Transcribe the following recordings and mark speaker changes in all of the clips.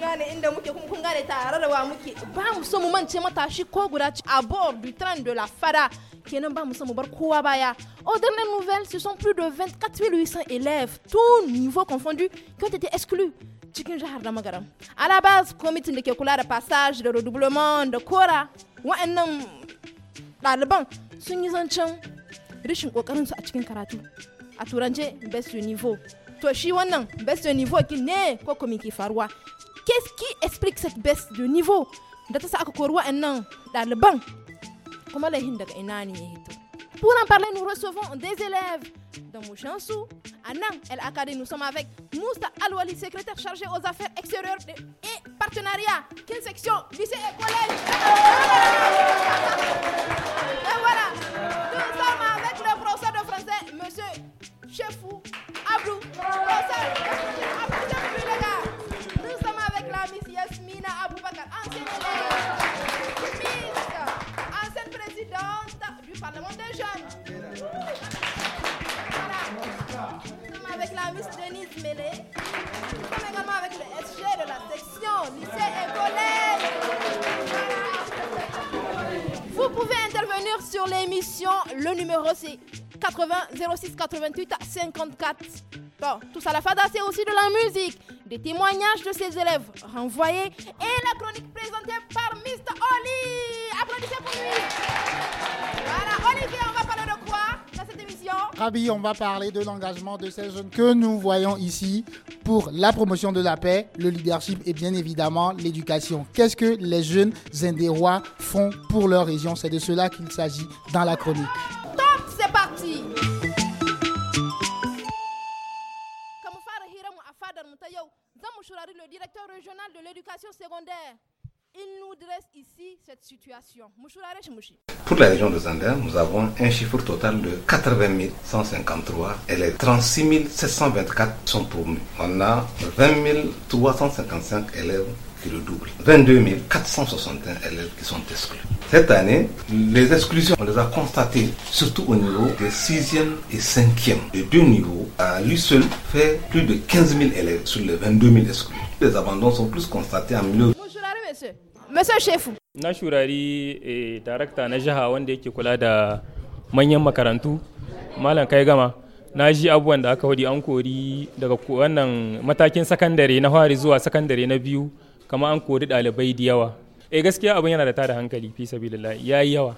Speaker 1: kun inda muke kuma kun gane tare da muke ba mu so mu mance matashi ko guda a bord du train de la fada kenan ba mu so mu bar kowa baya aux dernières nouvelles ce sont plus de 24800 élèves tous niveaux confondus qui ont été exclus cikin jihar da magaram a la base committee da ke kula da passage da redoublement da kora wa'annan ɗaliban sun yi zancen rashin su a cikin karatu a turance best niveau to shi wannan best niveau kin ne ko kuma ke faruwa Qu'est-ce qui explique cette baisse de niveau sa dans le banc. Comment daga hito Pour en parler, nous recevons des élèves dans Mouchansou, à El Akadé. Nous sommes avec Moussa Alouali, secrétaire chargé aux affaires extérieures et partenariat. Quelle section Lycée et collège Et voilà, nous sommes avec le professeur de français, monsieur Chefou Abdou. Professeur. ancienne présidente du Parlement des jeunes. Voilà. Nous sommes avec la Miss Denise Mélé. Nous sommes également avec le SG de la section lycée et collège. Vous pouvez intervenir sur l'émission. Le numéro c'est 80 06 88 54. Bon, tout ça, la fada, c'est aussi de la musique, des témoignages de ses élèves renvoyés
Speaker 2: on va parler de l'engagement de ces jeunes que nous voyons ici pour la promotion de la paix, le leadership et bien évidemment l'éducation. Qu'est-ce que les jeunes Zendérois font pour leur région C'est de cela qu'il s'agit dans la chronique.
Speaker 1: c'est parti le directeur régional de l'éducation secondaire.
Speaker 3: Il nous dresse ici cette situation. Pour la région
Speaker 4: de Zander, nous avons un chiffre total de 80 153 élèves 36 724 sont promus. On a 20 355 élèves qui le doublent 22 461 élèves qui sont exclus. Cette année, les exclusions, on les a constatées surtout au niveau des 6e et 5e. les deux niveaux, à lui seul, fait plus de 15 000 élèves sur les 22 000 exclus. Les abandons sont plus constatés en milieu monsieur. Monsieur Na shurari eh, darakta na jiha wanda yake kula da manyan makarantu, Malam Kai Gama. Na ji abubuwan da aka hudi an kori daga wannan matakin sakandare na fari zuwa sakandare na biyu, kama an kori dalibai da yawa. Eh gaskiya abin yana da tada hankali fi sabilillah ya yi yawa.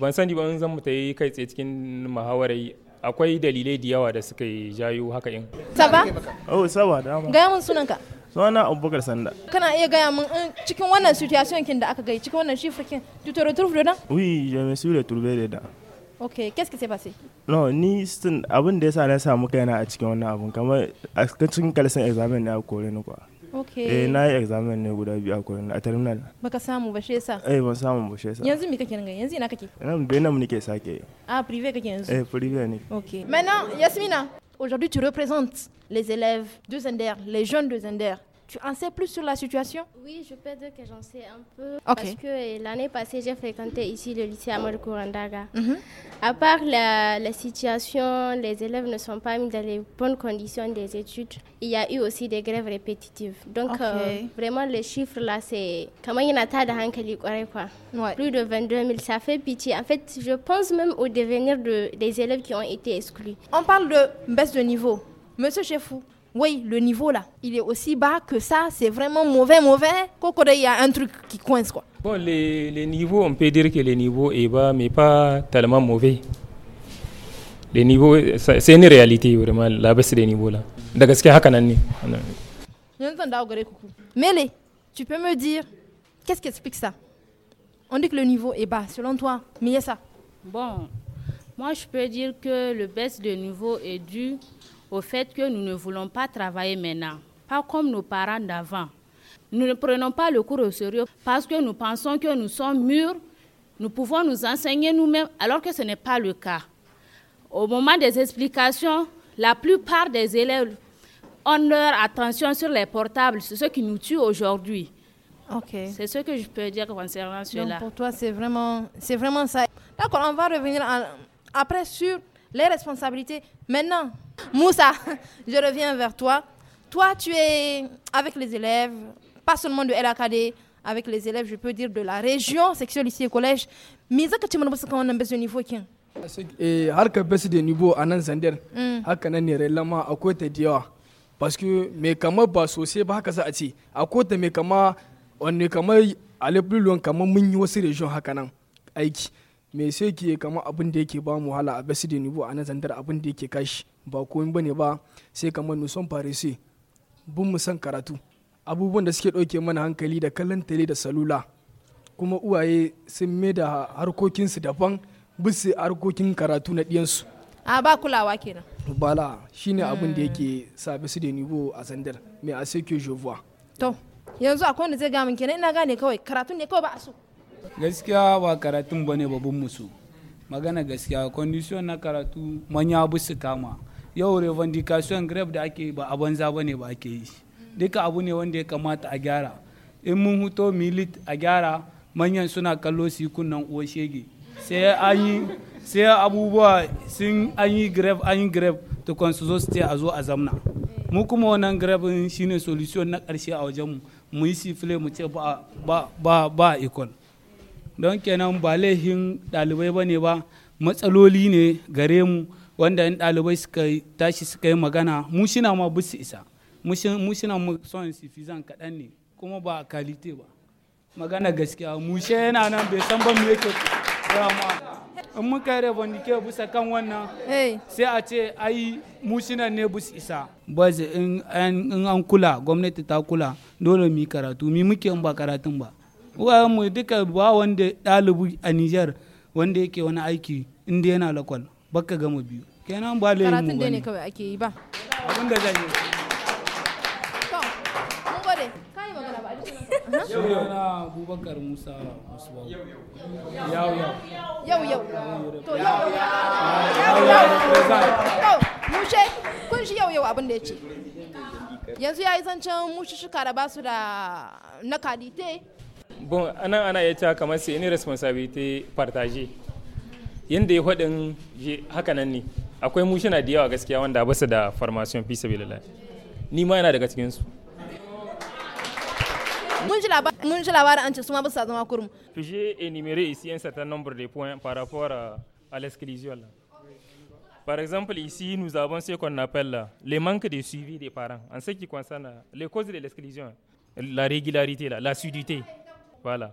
Speaker 4: Ban sani ba in zan mu ta yi kai tsaye cikin muhawarai akwai dalilai da yawa da suka jayo haka in. Saba? Oh, saba dama. Gaya mun sunanka. suna abubakar sanda
Speaker 1: kana iya gaya min cikin wannan situation kin da aka gai cikin wannan shifra kin tu te retrouves dedans
Speaker 4: oui je me suis retrouvé dedans
Speaker 1: ok qu'est-ce qui s'est passé
Speaker 4: non ni sun abin da yasa na samu kaina a cikin wannan abun kamar a cikin kalsan examen ne a kore ni kwa
Speaker 1: ok eh na
Speaker 4: yi examen ne guda biyu a kore a terminal
Speaker 1: baka samu ba shesa? eh
Speaker 4: ban samu ba shesa. yanzu
Speaker 1: me kake nan yanzu ina kake
Speaker 4: ina bai nan nake sake
Speaker 1: ah privé kake yanzu
Speaker 4: eh prive ne
Speaker 5: ok Mana
Speaker 1: yasmina Aujourd'hui, tu représentes les élèves de
Speaker 5: Zender, les jeunes de Zender. Tu en sais plus sur la situation Oui, je peux dire que j'en sais un peu. Parce que euh, l'année passée, j'ai fréquenté ici le lycée Amadou Kourandaga. Mm-hmm. À part la, situation, les élèves ne sont pas mis dans les bonnes conditions des études. Il y a eu aussi des grèves répétitives. Donc, euh, vraiment, les chiffres là, c'est. Comment il y en a Plus de 22 000, ça fait pitié. En fait, je pense même au devenir de, des élèves qui ont été exclus. On parle de baisse de niveau. Monsieur Chefou, oui, le
Speaker 1: niveau là, il est aussi bas que ça, c'est vraiment mauvais, mauvais. Il y a un truc qui coince quoi.
Speaker 4: Bon, les, les niveaux, on peut dire que les niveaux est bas, mais pas tellement mauvais. Les niveaux, c'est une réalité vraiment, la baisse des niveaux là. Ah,
Speaker 1: Mele, tu peux me dire, qu'est-ce qui explique ça On dit que le niveau est bas, selon toi, mais il y a ça.
Speaker 6: Bon, moi je peux dire que le baisse de niveau est dû au fait que nous ne voulons pas travailler maintenant, pas comme nos parents d'avant. Nous ne prenons pas le cours au sérieux parce que nous pensons que nous sommes mûrs, nous pouvons nous enseigner nous-mêmes, alors que ce n'est pas le cas. Au moment des explications, la plupart des élèves ont leur attention sur les portables, c'est ce qui nous tue aujourd'hui. C'est ce que je peux dire concernant cela. pour toi, c'est vraiment, c'est vraiment ça. D'accord, on va revenir après
Speaker 1: sur les responsabilités. Maintenant, Moussa, je reviens vers toi. Toi, tu es avec les élèves, pas seulement de LAKD, avec les élèves, je peux dire, de la région, section lycée et collège. Mais ça, tu m'as dit qu'on a besoin de niveau qui
Speaker 7: et harka niveau da nibo en nan sandar hmm. haka nan ne relama akwai ta da yawa paske mai kama ba sosai ba haka za a ce akwai ta on kama wanne aller plus loin kama mun yi wasu region haka nan aiki Mais sai ke kama abin da yake ba mu wahala a basu de niveau a nan sandar abin da yake kashi ba komai bane ba sai kamar nusan farisi bin mu san karatu abubuwan da suke ɗauke mana hankali da kallon tele da salula kuma uwaye sun mai da harkokinsu daban bisa harkokin karatu na ɗiyansu
Speaker 1: a ba kulawa kenan
Speaker 7: bala shine abin da hmm. yake sabi su da nivo a
Speaker 8: sandar mai a sai jovuwa
Speaker 1: to yanzu a wanda zai gamin kenan ina gane kawai karatu ne kawai ba a so
Speaker 8: gaskiya ba karatun bane babun musu magana gaskiya kondishon na karatu manya bu su kama yau revendication grave da ake ba a banza ba ne ba ake yi duka abu ne wanda ya kamata a gyara in mun huto milit a gyara manyan suna kallo su yi kunnan uwa shege sai an yi sai abubuwa sun an yi grave an yi grave tukun su zo su a zo a zamna mu kuma wannan grave shine solution na karshe a wajen mu yi sifile mu ce ba ba ba ikon don kenan ba laihin ɗalibai ba ne ba matsaloli ne gare mu wanda yan ɗalibai suka tashi suka yi magana mu shina ma bisu isa mu shina mu son sifizan kaɗan ne kuma ba a kalite ba magana gaskiya mu she yana nan bai san ba mu yake rama in muka yi rebondike bisa kan wannan sai a ce ai mu ne bisu isa ba in an kula gwamnati ta kula dole mu karatu mi muke in ba karatun ba mu duka ba wanda ɗalibi a Nijar wanda yake wani aiki inda yana lakwal baka gama biyu kenan ba laifi karatun dai ne
Speaker 1: kawai ake yi ba abin da zan yi to mun gode kai magana ba
Speaker 8: yau na abubakar musa musuwa yau yau yau yau to yau yau ah, yau
Speaker 4: yau
Speaker 1: mushe kun shi yau yau abin da ya ce yanzu ya yi zancen shuka da basu da na kadite
Speaker 4: bon anan ana iya cewa kamar sai ni responsabilité partagée yanda ya faɗin haka nan ne akwai mushina da yawa gaskiya wanda basu da formation fi sabilillah ni ma yana daga cikin su
Speaker 1: mun ji labarin an ce su ma basu zama
Speaker 4: kurum J'ai énuméré ici un certain nombre de points par rapport euh, à, l'exclusion Par exemple, ici, nous avons ce qu'on appelle euh, le manque de suivi des parents en ce qui concerne euh, les causes de l'exclusion, la régularité, la, l'assiduité. Voilà.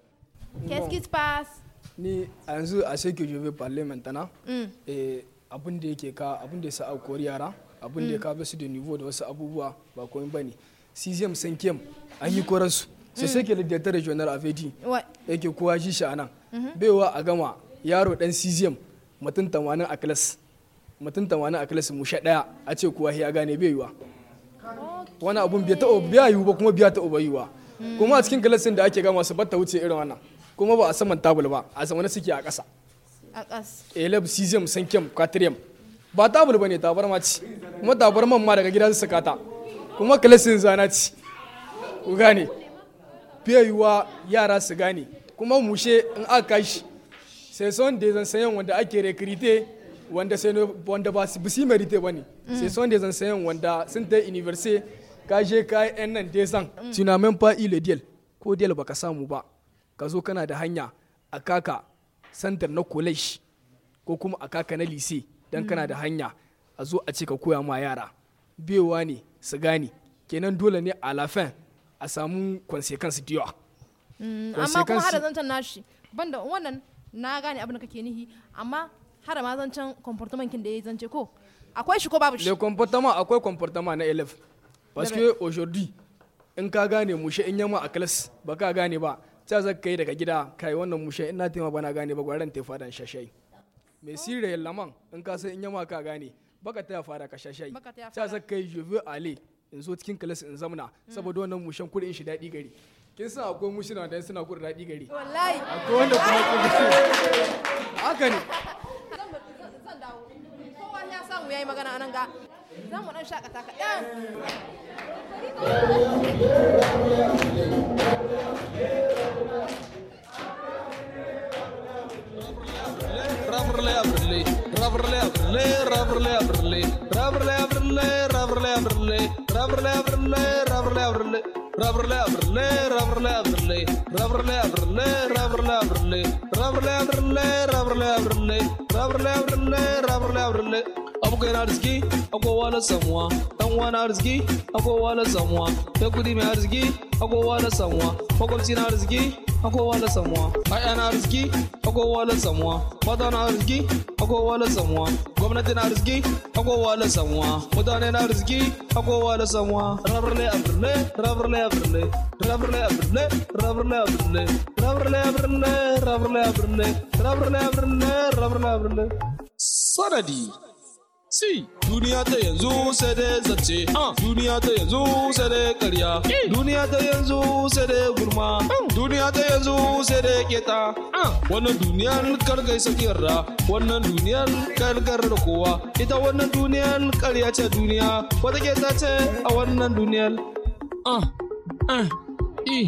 Speaker 1: Qu'est-ce qui se passe?
Speaker 7: Ni a yanzu a ce que je veux parler maintenant. Hmm. Eh, abin da ke ka abun da ya sa a kori yara ka da ya hmm. su da niveau da wasu abubuwa ba komai ba ne cesium sankem an yi korarsu sai sai ke dit ouais et que kowa ji sha nan hmm. baiwa a gama yaro dan 6e mutun tamanin a class mutun tamanin a class mu daya a ce kowa ya gane bai yiwa wani abun bai ta bai yiwu ba kuma bai ta yiwa kuma a cikin klasin da ake gama su batta wuce irin wannan kuma ba a saman tabul ba a saman suke a ƙasa a ƙasa elab eh, cesium sankem quatrium ba tabul ba ne tabarma ci kuma tabarman ma daga gida su saka ta kuma kalasin zana ci ku gane fiyayuwa yara su gane kuma mushe in aka kashi sai son da zan sayan wanda ake rekrite wanda sai wanda ba su si merite ba ne mm. sai son da zan sayan wanda sun ta university ka je ka yi yan nan dai san tunamen fa ile deal ko deal baka samu ba ka zo kana da hanya a kaka santar na college ko kuma a kaka na lise dan kana da mm. hanya a zo a ce ka koya ma yara bewa ne su gane kenan dole ne a lafin a samu consequence su diwa
Speaker 1: mm, amma kuma har zancen nashi banda wannan na gane abin da kake nihi amma har ma zancen comportement kin da yayi zance
Speaker 7: ko akwai shi ko babu shi le comportement akwai comportement na elef parce que aujourd'hui in ka gane mushe in yamma a class ba ka gane ba sai za ka yi daga gida kai wannan mushe ina tema bana gane ba gwaran te fadan shashai mai sirre laman in ka san in yi ka gane baka ta fara ka shashai sai za ka yi juve ale in zo cikin kalas in zamna saboda wannan mushen kudin shi daɗi gari kin san akwai mushina da suna kudin daɗi gari wallahi akwai wanda kuma haka ne zan
Speaker 1: dawo kowa ya samu yayi magana anan ga zan mu dan shakata kaɗan.
Speaker 3: Thank you. Laverly, Rubber Laverly, Rubber Laverly, Rubber Laverly, Rubber Laverly, Rubber Laverly, Rubber Laverly. Rubber Laverly, Rubber Laverly, Rubber Laverly, Rubber Laverly, Rubber Laverly, Rubber Laverly, Rubber Laverly, Rubber Laverly. I'm going out of ski, I'm going out of someone. Dan wani arziki, akwai wani samuwa. Dan kudi mai arziki, akwai wani samuwa. Makwabci na arziki, I go go agowa la samuwa ai na arziki agowa la samuwa mata na arziki agowa la samuwa gwamnati na arziki agowa la samuwa mutane na arziki agowa la samuwa rabarle abarle rabarle abarle rabarle abarle rabarle abarle rabarle abarle rabarle abarle rabarle abarle rabarle abarle sanadi Si. Duniya ta yanzu sai dai zace, ah. duniya ta yanzu sai dai karya, eh. duniya ta yanzu sai dai gurma, hmm. duniya ta yanzu sai dai keta. Ah. Wannan duniyar kar kargai sakiyar da, wannan duniyar kar kargar da kowa, ita wannan duniyar karya ce duniya, wata keta ce a wannan duniyar. Ah, ah, eh.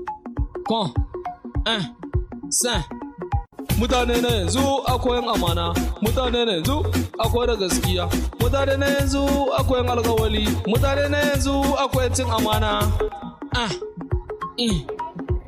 Speaker 3: kon, an, san. Mutane na yanzu akwai amana, mutane na yanzu akwai da gaskiya, mutane na yanzu akwai alkawali, mutane na yanzu akwai cin amana. Ah, eh.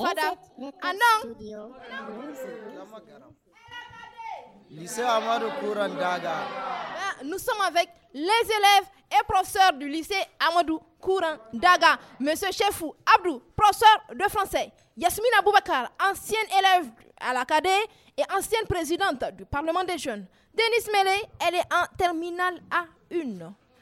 Speaker 9: Euh,
Speaker 1: nous sommes avec les élèves et professeurs du lycée Amadou Daga. Monsieur Chefou Abdou, professeur de français. Yasmina Boubakar, ancienne élève à l'Académie et ancienne présidente du Parlement des jeunes. Denise Mele, elle est en terminale A1.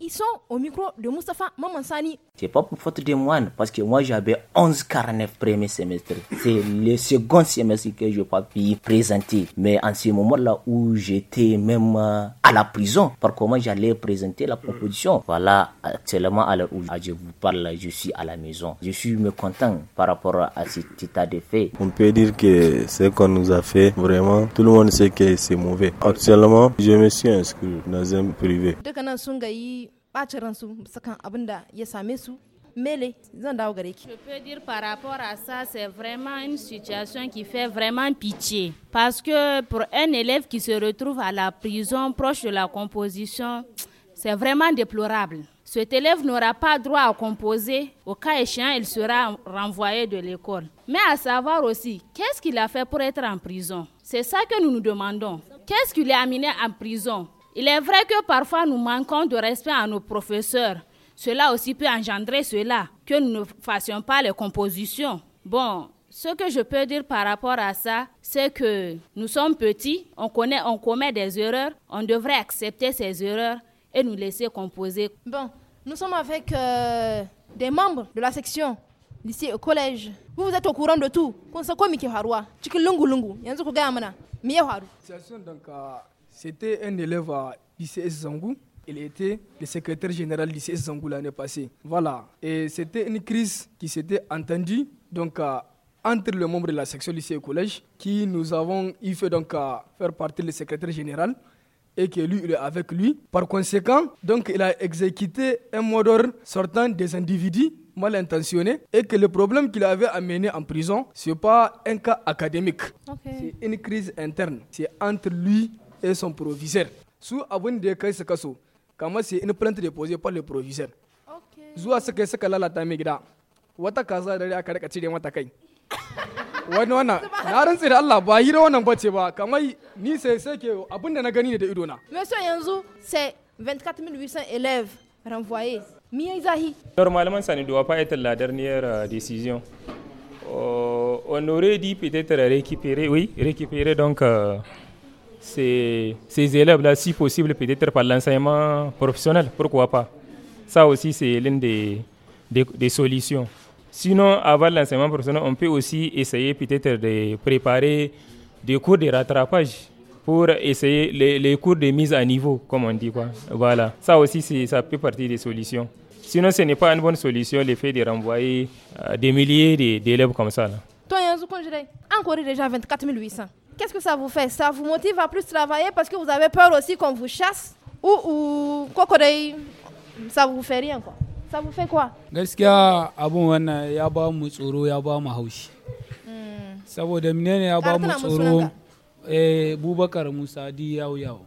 Speaker 1: ils sont au micro de Mustafa Mamansani.
Speaker 9: C'est pas pour faute de moi, parce que moi j'avais 11 carnets premier semestre. C'est le second semestre que je n'ai pas pu présenter. Mais en ce moment-là où j'étais même euh, à la prison, par comment j'allais présenter la proposition. Voilà, actuellement à l'heure où je vous parle, je suis à la maison. Je suis content par rapport à cet état de fait. On peut dire que ce qu'on nous a fait, vraiment, tout le monde sait que c'est mauvais. Actuellement, je me suis inscrit dans un privé.
Speaker 1: Je
Speaker 6: peux dire par rapport à ça, c'est vraiment une situation qui fait vraiment pitié. Parce que pour un élève qui se retrouve à la prison proche de la composition, c'est vraiment déplorable. Cet élève n'aura pas droit à composer. Au cas échéant, il sera renvoyé de l'école. Mais à savoir aussi, qu'est-ce qu'il a fait pour être en prison C'est ça que nous nous demandons. Qu'est-ce qu'il l'a amené en prison il est vrai que parfois nous manquons de respect à nos professeurs. Cela aussi peut engendrer cela, que nous ne fassions pas les compositions. Bon, ce que je peux dire par rapport à ça, c'est que nous sommes petits, on connaît, on commet des erreurs, on devrait accepter ces erreurs et nous laisser composer. Bon, nous
Speaker 1: sommes avec euh, des membres de la section lycée au collège. Vous, vous êtes au courant de tout.
Speaker 7: C'était un élève à l'ICS Zangou. Il était le secrétaire général de l'ICS Zangou l'année passée. Voilà. Et c'était une crise qui s'était entendue donc, euh, entre le membre de la section lycée et collège, qui nous avons il fait donc, faire partie le secrétaire général et que lui, est avec lui. Par conséquent, donc, il a exécuté un mot d'ordre sortant des individus mal intentionnés et que le problème qu'il avait amené en prison, ce n'est pas un cas académique. C'est une crise interne. C'est entre lui et son proviseur. Sous abin da ya kai su kaso, kamar sai in par le proviseur. Zuwa ce que la lalata mai gida. Wata kasa dare aka rika cire mata kai. Wani wannan, na rantsi da Allah ba hira wannan bace ba, kamar ni sai sai ke abin na gani ne
Speaker 4: da
Speaker 1: Monsieur yanzu c'est 24 800 élèves renvoyés. Mie Zahi.
Speaker 4: Normalement, ça ne doit pas être la dernière euh, décision. Euh, on aurait dit peut-être récupérer, oui, récupérer donc euh, ces, ces élèves-là, si possible, peut-être par l'enseignement professionnel, pourquoi pas. Ça aussi, c'est l'une des, des, solutions. Sinon, avant l'enseignement professionnel, on peut aussi essayer peut-être de préparer des cours de rattrapage pour essayer les, les, cours de mise à niveau, comme on dit. Quoi. Voilà, ça aussi, ça peut partir des solutions. Sinon, ce n'est pas une bonne solution, le fait de renvoyer euh, des milliers d'élèves comme ça. Là.
Speaker 1: Toi, Yanzou, encore déjà 24 800 qu'est-ce que ça vous fait Ça vous motive à plus travailler parce que vous avez peur aussi qu'on vous chasse Ou, ou quoi ça vous fait rien quoi Ça vous fait quoi
Speaker 8: Gaskiya abun wannan ya ba mu tsoro ya ba mu haushi. Hmm. Saboda menene ya ba mu tsoro eh, Bubakar Musa di yau yau.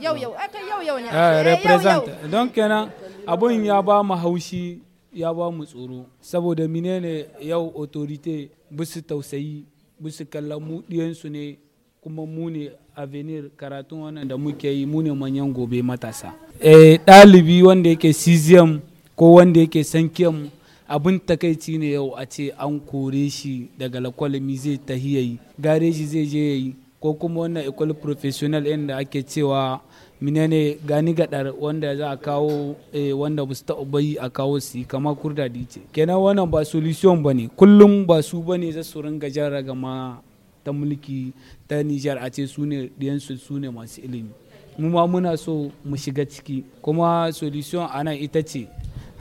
Speaker 1: Yau yau, aka yau yau ne. Eh, eh, represent.
Speaker 8: Don kenan abun ya ba mu haushi ya ba mu tsoro. Saboda menene yau autorite bisu tausayi bisa kalla mu ɗiyansu ne kuma mu ne avenir karatun wannan da muke yi mu ne manyan gobe matasa eh ɗalibi wanda yake cesium ko wanda yake sankiyam abin takaici ne yau a ce an kore shi daga lakwalmi zai tahiyayi gareji zai je yayi ko kuma wannan ecole professionnel inda ake cewa minene gani gadar wanda za a kawo eh, wanda ba su taɓa a kawo su kama kurda ce kenan wannan ba solution ba ne kullum ba su ba ne za su ringa jarra ragama ta mulki ta nijar a ce su ne diyansu su ne masu ilimi mu ma muna so mu shiga ciki kuma solution ana ita ce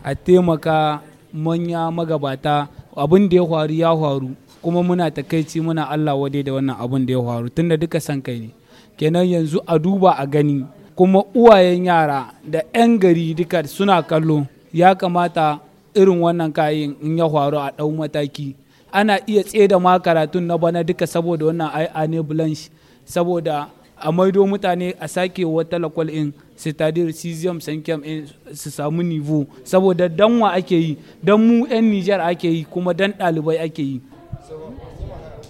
Speaker 8: a taimaka manya magabata abin da ya faru ya faru kuma muna takaici muna allah wade da wannan abin da ya faru tunda duka san kai ne kenan yanzu a duba a gani kuma uwayen yara da 'yan gari duka suna kallo ya kamata irin wannan kayan in ya faru a ɗau mataki ana iya tseda ma karatun na bana duka saboda wannan ne blanche saboda a maido mutane a sake wata lakwal in sitadir cesium sankyam in eh, su samu nivo saboda danwa ake yi dan mu 'yan nijar ake yi kuma dan ɗalibai ake yi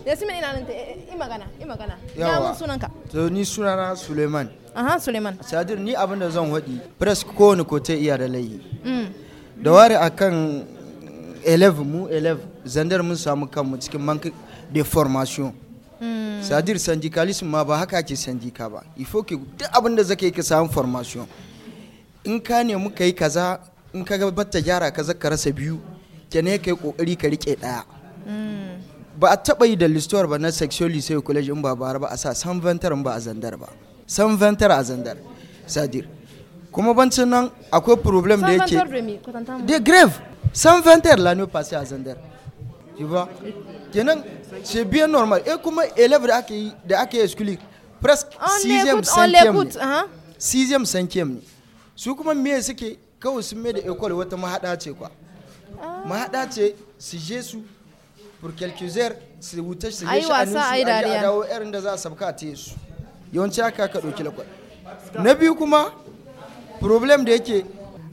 Speaker 1: Yasmin ina nan eh, eh, i magana i magana. ya mun sunanka.
Speaker 8: To ni sunana
Speaker 9: Suleiman. Aha Suleiman. Sadir ni abin da zan waɗi press ko ta iya da layi. Mm. Da ware kan 11 mu 11 zandar mun samu kanmu cikin manka de formation. Mm. Sadir syndicalism ma ba haka ke sandika ba. Ifo ke duk abin da zaka yi ka samu formation. In ka ne muka yi kaza in ka ga gyara kaza ka rasa biyu ka yi kokari ka rike daya. Mm. ba a taɓa yi da listuwar ba na sexual lycée college in ba bara ba a sa san ventar ba a zandar ba san ventar a zandar sadir kuma bancin nan akwai problem da yake de grave san ventar la ne passé a zandar ki ba kenan c'est bien normal eh kuma élève da ake da ake yi presque 6e 5e 6e 5e su kuma me suke kawai sun mai da école wata mahada ce kwa ah. mahada ce su je su burkelkizer su shi su shi a nusu a dawo irin da za a sabka ta su yawanci haka ka ɗauki lakwai na biyu kuma problem da yake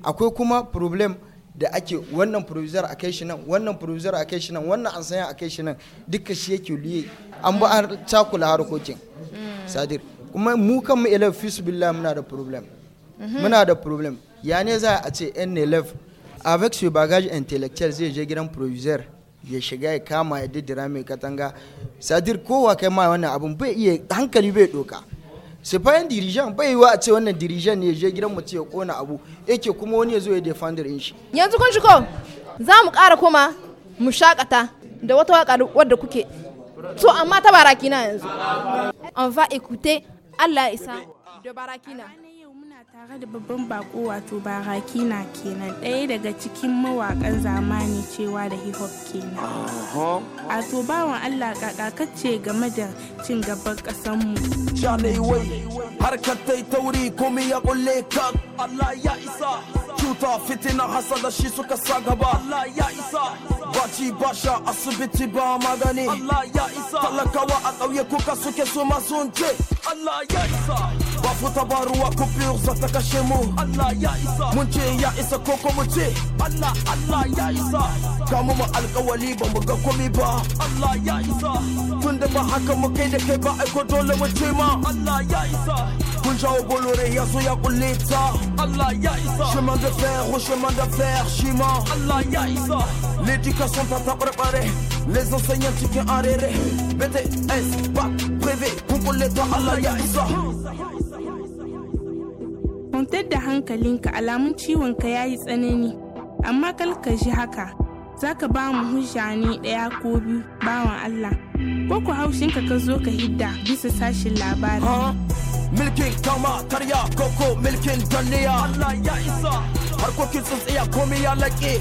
Speaker 9: akwai kuma problem da ake wannan provisor a kai shi nan wannan provisor a kai shi nan wannan an sanya a kai shi nan duka shi yake liye an ba an cakula harkokin mm. sadir kuma mu kanmu elef fisbillah muna da problem mhm. muna da problem ya ne za a ce yan elef avec ce bagage intellectuel zai je gidan provisor ya shiga ya kama ya didira mai katanga sadir kowa kai ma wannan abun bai iya hankali bai doka sifayen dirijan bai wa a ce wannan dirijan ne je gidan mu ce ya kona abu yake kuma wani ya zo ya defender in shi
Speaker 1: yanzu kun ko za mu kara koma mu shakata da wata waka wadda kuke so amma ta barakina yanzu an fa ikute Allah isa da barakina
Speaker 6: Tare da babban bako wato baraki na kenan ɗaya daga cikin mawakan zamani cewa da hip hop
Speaker 8: kenan.
Speaker 6: A to bawan Allah kakakacce game da cin gaban ƙasanmu.
Speaker 10: Shalaiwai harkar ta yi tauri komai ya kulle ka Allah ya isa. Cuta fitina da shi suka sa gaba. Allah ya isa. Baci basha asibiti ba magani. Allah ya isa. Talakawa a ƙauye kuka suke su masu Allah ya isa. tabaruwa kupirza ta kashe Allah ya isa mun ya isa Allah Allah ya isa al mu mu Allah ya isa tunda ba haka keba kai dole Allah ya isa ونجاوبوا الورياس ويا Allah ya يا Chemin de fer au chemin de fer شيما Allah ya إيسا L'éducation t'a t'a préparé Les enseignants tu viens en BTS, bac privé, contrôle ta Allah ya Isa
Speaker 6: Kwantar da hankalinka alamun ciwonka ya yi tsanani, amma kalka ji haka, za ka ba mu hujja ne ɗaya ko biyu bawan Allah, ko ku haushinka ka zo ka hidda bisa sashin labari.
Speaker 10: milkin kama karya koko milkin danniya Allah ya isa harkokin sun tsaya komai ya laƙe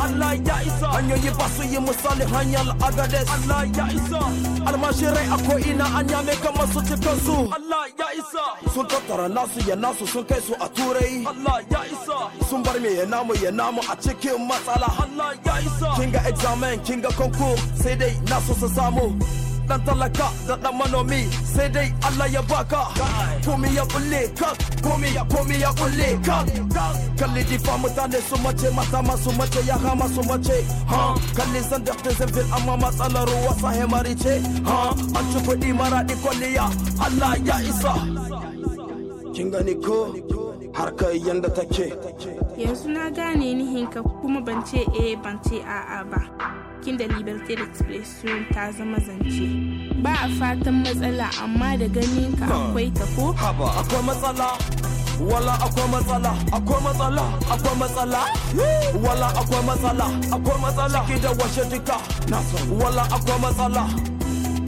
Speaker 10: Allah ya isa hanyoyi ba su yi misali hanyar agades Allah ya isa almashirai a ko'ina an yame kamar su cikin su Allah ya isa sun tattara nasu ya nasu sun kai su a turai Allah ya isa sun bar me ya namu ya namu a cikin matsala Allah ya isa kinga examen kinga konko sai dai nasu su samu dan talaka da dan manomi sai dai Allah ya baka komi ya bulle ka komi ya komi ya kulle ka kalli difa tane su mace mata masu mace ya ma su mace ha kalli san da ta zafin amma matsalar ruwa sahe marice ha an ci kudi mara kwalliya Allah ya isa kin gani ko kai yanda take
Speaker 6: yanzu na gane hinka kuma ban ce eh ban ce a'a ba kin da liberté expression ta zama zance ba a fatan matsala amma da ganin ka akwai ta ko
Speaker 10: haba akwai matsala wala akwai matsala akwai matsala akwai matsala wala akwai matsala akwai matsala ki da washe duka wala akwai matsala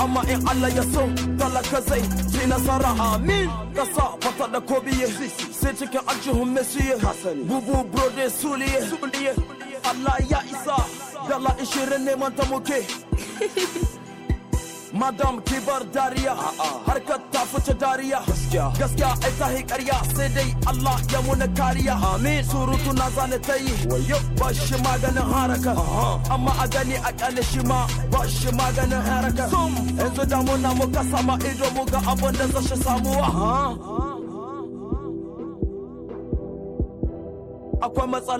Speaker 10: amma in Allah ya so talaka zai ci nasara amin ka sa fata da kobiye sai cikin aljihun mesiye bubu brode suliye Allah ya isa Dalla ishirin neman ta muke Madam kibar dariya harkar ta fice dariya gaskiya ai ta hi Allah ya munakariya kariya amin surutu na zane ta yi ba shi maganin haraka amma agani gani a kyale shi ma ba shi maganin haraka yanzu damuna muka sama ido mu ga abin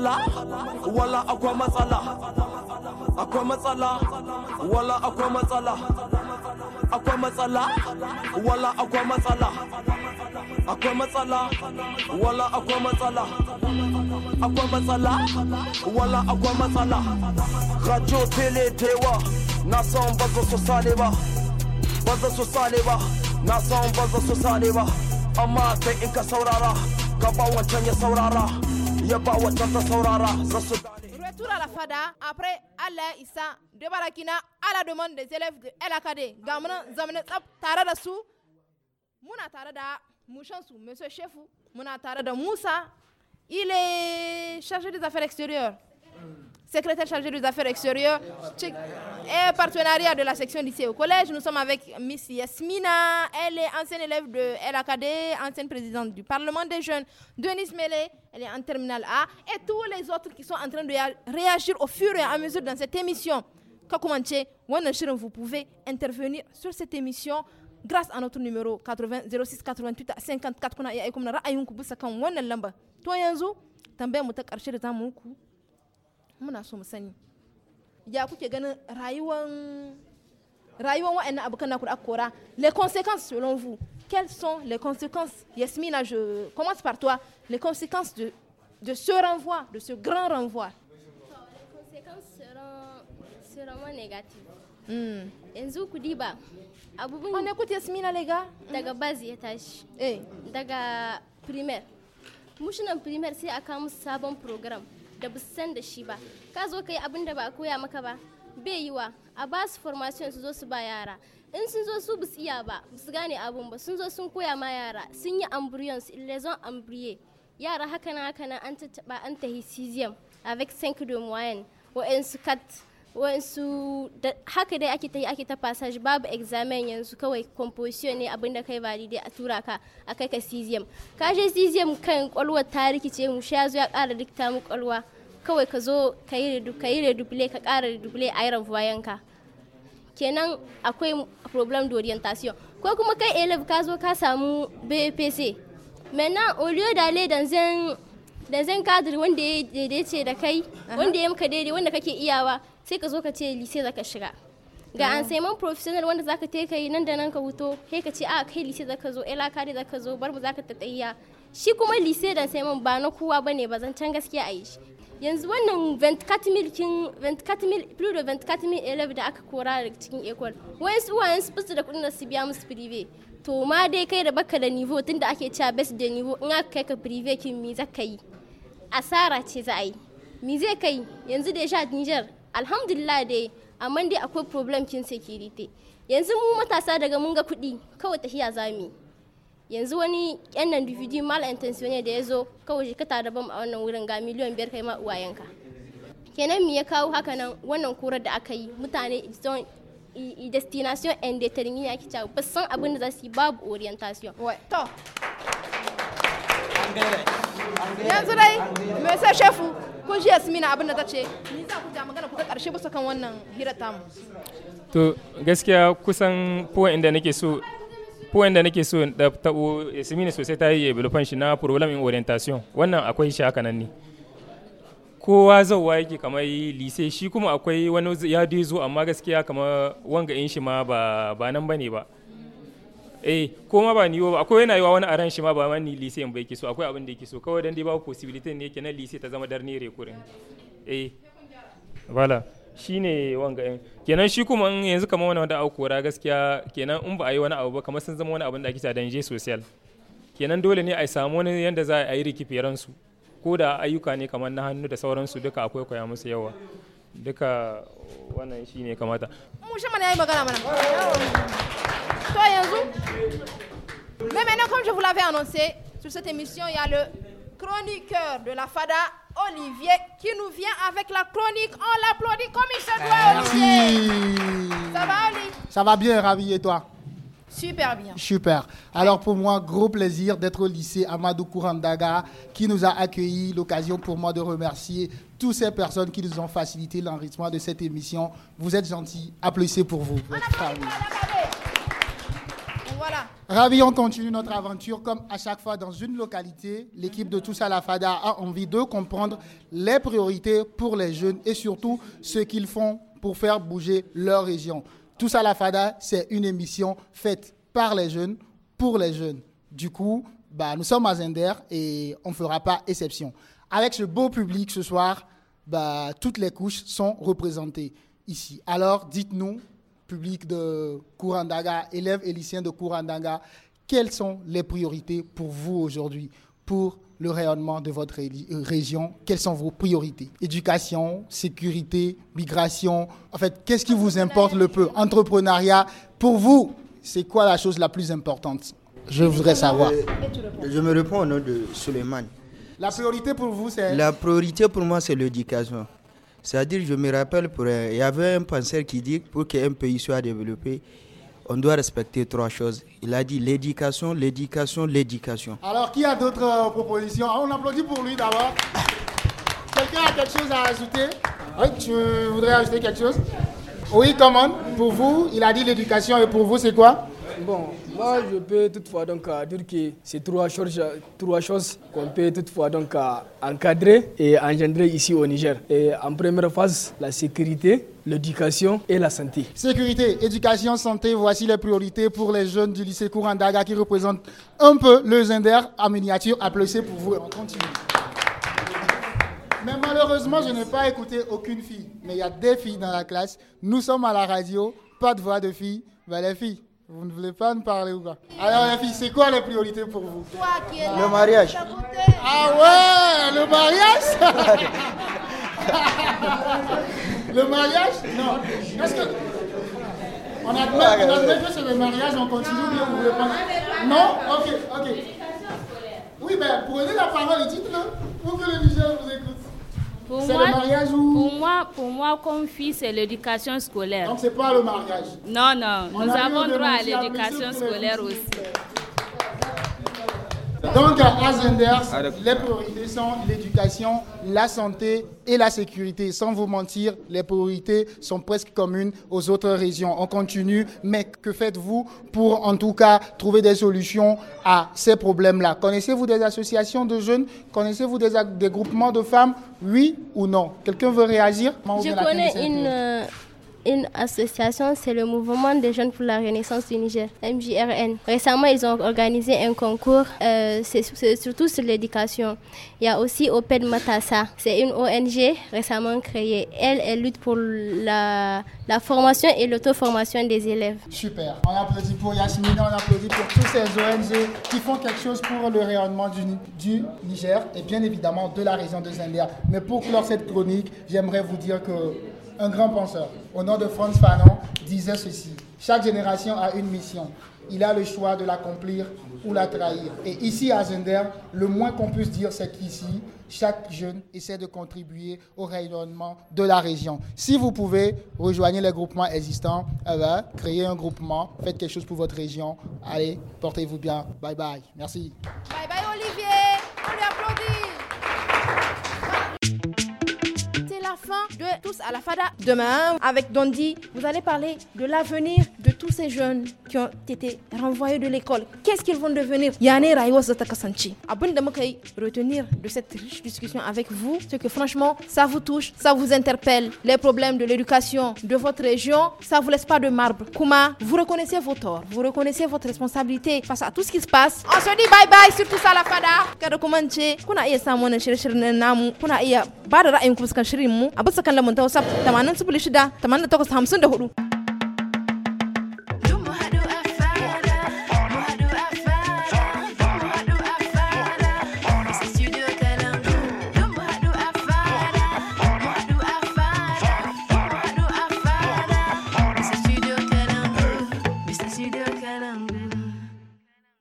Speaker 10: da wala akwai akwai matsala wala akwai matsala akwai matsala wala akwai matsala akwai matsala wala akwai matsala akwai matsala wala akwai matsala radio tele tewa na son ba su sale ba ba su sale ba na san ba su sale ba amma sai in ka saurara ka ba wancan ya saurara ya ba wancan ta saurara za su
Speaker 1: à la fada après Allah Issa Barakina à la demande des élèves de El Akade. Gamana zamana tsap tare da su muna tare monsieur chefu muna tare Moussa. Il est chargé des affaires extérieures secrétaire chargé des affaires extérieures et partenariat de la section lycée au collège. Nous sommes avec Miss Yasmina. Elle est ancienne élève de LAKD, ancienne présidente du Parlement des jeunes. Denise Mele, elle est en terminale A. Et tous les autres qui sont en train de réagir au fur et à mesure dans cette émission. vous pouvez intervenir sur cette émission grâce à notre numéro 80 06 88 54 muna so mu sani ya kuke ganin wa'annan da les conséquences selon vous quelles sont les conséquences Yasmina je commence par toi les conséquences de de ce renvoi de ce grand
Speaker 5: renvoi les conséquences seront seront moins négatives hmm. Enzo ku diba abubuwan Yasmina les yasmina lega daga bazi ya tashi eh. daga primaire mushinan primaire sai aka musu sabon program da su san da shi ba ka zo ka yi abin da ba a koya maka ba bai yiwa a ba su formation su zo su ba yara in sun zo su bus iya ba su gane abun ba sun zo sun koya ma yara sun yi embryons liaison ambriye yara haka na haka na an taba an tahi cesium avec 5 de moyenne wa'ansu kat. wasu da haka dai ake ta yi ake ta passage babu examen yanzu kawai composition ne abin da kai valide a tura ka a kai ka cesium ka je cesium kan kwalwar ta rikice mu sha zo ya kara rikta mu kwalwa kawai ka zo ka yi redouble ka ƙara redouble a yi rabuwa ka kenan akwai problem orientation ko kuma kai elif ka zo ka samu bpc maintenant olio da le dan un da zan kadir wanda ya daidaice da kai wanda ya maka daidai wanda kake iyawa sai ka zo ka ce lise zaka shiga ga an saiman professional wanda zaka te kai nan da nan ka wuto sai ka ce a kai lise zaka zo ela eh, kare zaka zo bar mu zaka tattayya shi kuma lise da saiman ba na kowa bane ba can gaskiya a yi shi yanzu wannan 24 mil kin mil plus da 24 mil elef da aka kora daga cikin ekwal wayansu su basu da kudin da su biya musu prive to ma dai kai da baka da nivo tunda ake cewa best da nivo in aka kai ka prive kin mi zaka yi asara ce za a yi mi zai kai yanzu da ya sha Niger alhamdulillah dai amma dai akwai problem kin security yanzu mu matasa daga mun ga kuɗi kawai tahiya zami yanzu wani yan nan dvd mal ne da ya zo kawai ka tare a wannan wurin ga miliyan biyar kai ma uwayenka kenan me ya kawo haka nan wannan kura da aka yi mutane destination indeterminée ake cewa ba san abin da za su yi babu orientation
Speaker 8: yanzu dai
Speaker 4: me sai
Speaker 5: shefu kun
Speaker 1: shi yasmina abin ta ce ni za ku ja magana kuka karshe kan wannan hira tamu
Speaker 4: to gaskiya kusan po inda nake so point nake so da tabo yasmina sosai ta yi development shi na problem in orientation wannan akwai shi haka nan ne kowa zauwa yake kamar lise shi kuma akwai wani ya zo amma gaskiya kamar wanga in shi ma ba nan bane ba eh ko ma ba ni ba akwai yana yi wa wani aran shi ma ba wani lise ba yake so akwai abin da yake so kawai dan dai ba possibility ne yake na lise ta zama darne rekurin eh wala shine wanga ɗin kenan shi kuma yanzu kamar wani wanda aka kora gaskiya kenan in ba a yi wani abu ba kamar sun zama wani abin da ake ta danje social kenan dole ne a samu wani yanda za a yi rikifiran su ko da ayyuka ne kamar na hannu da sauransu duka akwai koya musu yawa duka wannan shine kamata
Speaker 1: mu shi mana yayi magana mana Mais maintenant, comme je vous l'avais annoncé, sur cette émission, il y a le chroniqueur de la FADA, Olivier, qui nous vient avec la chronique. On l'applaudit comme il se doit,
Speaker 2: Olivier. Ça va, Olivier Ça va bien, Ravi, et toi
Speaker 1: Super bien.
Speaker 2: Super. Alors pour moi, gros plaisir d'être au lycée Amadou Kourandaga qui nous a accueillis. L'occasion pour moi de remercier toutes ces personnes qui nous ont facilité l'enrichissement de cette émission. Vous êtes gentils. Applaudissez pour vous. Ravi, on continue notre aventure. Comme à chaque fois dans une localité, l'équipe de Tous à la Fada a envie de comprendre les priorités pour les jeunes et surtout ce qu'ils font pour faire bouger leur région. Tous à la Fada, c'est une émission faite par les jeunes, pour les jeunes. Du coup, bah, nous sommes à Zender et on ne fera pas exception. Avec ce beau public ce soir, bah, toutes les couches sont représentées ici. Alors, dites-nous public de Kourandanga, élèves et lycéens de Kourandanga, quelles sont les priorités pour vous aujourd'hui, pour le rayonnement de votre euh, région Quelles sont vos priorités Éducation, sécurité, migration En fait, qu'est-ce qui vous importe le peu Entrepreneuriat, pour vous, c'est quoi la chose la plus importante Je voudrais savoir. Euh, je
Speaker 9: me réponds au nom de Suleiman.
Speaker 2: La priorité pour vous, c'est La
Speaker 9: priorité pour moi, c'est l'éducation. C'est-à-dire, je me rappelle, euh, il y avait un penseur qui dit que pour qu'un pays soit développé, on doit respecter trois choses. Il a dit l'éducation, l'éducation, l'éducation.
Speaker 2: Alors, qui a d'autres euh, propositions ah, On applaudit pour lui d'abord. Quelqu'un a quelque chose à ajouter Oui, tu voudrais ajouter quelque chose Oui, comment Pour vous, il a dit l'éducation et pour vous, c'est quoi
Speaker 7: Bon, moi je peux toutefois donc euh, dire que c'est trois choses, qu'on peut toutefois donc euh, encadrer et engendrer ici au
Speaker 2: Niger. Et en première phase, la sécurité, l'éducation et la santé. Sécurité, éducation, santé, voici les priorités pour les jeunes du lycée Kourandaga qui représentent un peu le Zender en miniature. Applaudissez pour vous on continue. Mais malheureusement, je n'ai pas écouté aucune fille. Mais il y a des filles dans la classe. Nous sommes à la radio, pas de voix de filles. mais les filles, vous ne voulez pas nous parler ou quoi Alors la fille, c'est quoi la priorité pour vous Toi qui Le mariage. Ah ouais, le mariage Le mariage Non. Parce que on admet, on admet que c'est le mariage, on continue bien, vous voulez pas Non Ok, ok. Oui, ben prenez la parole et dites-le pour que les Niger vous écoutent. Pour c'est moi, le mariage
Speaker 6: ou... pour moi, comme fille, c'est l'éducation scolaire. Donc, c'est pas le mariage. Non, non, nous avons droit à l'éducation scolaire aussi.
Speaker 2: Donc à Zenders, ah, les priorités sont l'éducation, la santé et la sécurité. Sans vous mentir, les priorités sont presque communes aux autres régions. On continue, mais que faites-vous pour en tout cas trouver des solutions à ces problèmes-là Connaissez-vous des associations de jeunes Connaissez-vous des, des, groupements de femmes Oui ou non Quelqu'un veut réagir Je connais une... Euh,
Speaker 5: une association, c'est le mouvement des jeunes pour la renaissance du Niger, MJRN. Récemment, ils ont organisé un concours, euh, c'est surtout sur l'éducation. Il y a aussi Open Matassa, c'est une ONG récemment créée. Elle, elle lutte pour la, formation et l'auto-formation
Speaker 2: des élèves. Super. On applaudit pour Yasmina, on applaudit pour toutes ces ONG qui font quelque chose pour le rayonnement du, Niger et bien évidemment de la région de Zinder. Mais pour clore cette chronique, j'aimerais vous dire que un grand penseur, au nom de Franz Fanon, disait ceci Chaque génération a une mission. Il a le choix de l'accomplir ou la trahir. Et ici, à Zender, le moins qu'on puisse dire, c'est qu'ici, chaque jeune essaie de contribuer au rayonnement de la région. Si vous pouvez, rejoignez les groupements existants, eh ben, créez un groupement, faites quelque chose pour votre région. Allez, portez-vous bien. Bye bye. Merci.
Speaker 1: Bye bye, Olivier. On l'applaudit. de Tous à la Fada. Demain, avec Dondi, vous allez parler de l'avenir de tous ces jeunes qui ont été renvoyés de l'école. Qu'est-ce qu'ils vont devenir Yane Raiwas de Abundamakai, retenir de cette riche discussion avec vous, ce que franchement, ça vous touche, ça vous interpelle. Les problèmes de l'éducation de votre région, ça vous laisse pas de marbre. Kuma, vous reconnaissez vos torts, vous reconnaissez votre responsabilité face à tout ce qui se passe. On se dit bye bye sur Tous à la Fada. kuna iya shirin namu kuna iya a bisa kan lamunta whatsapp 80 shida 88 54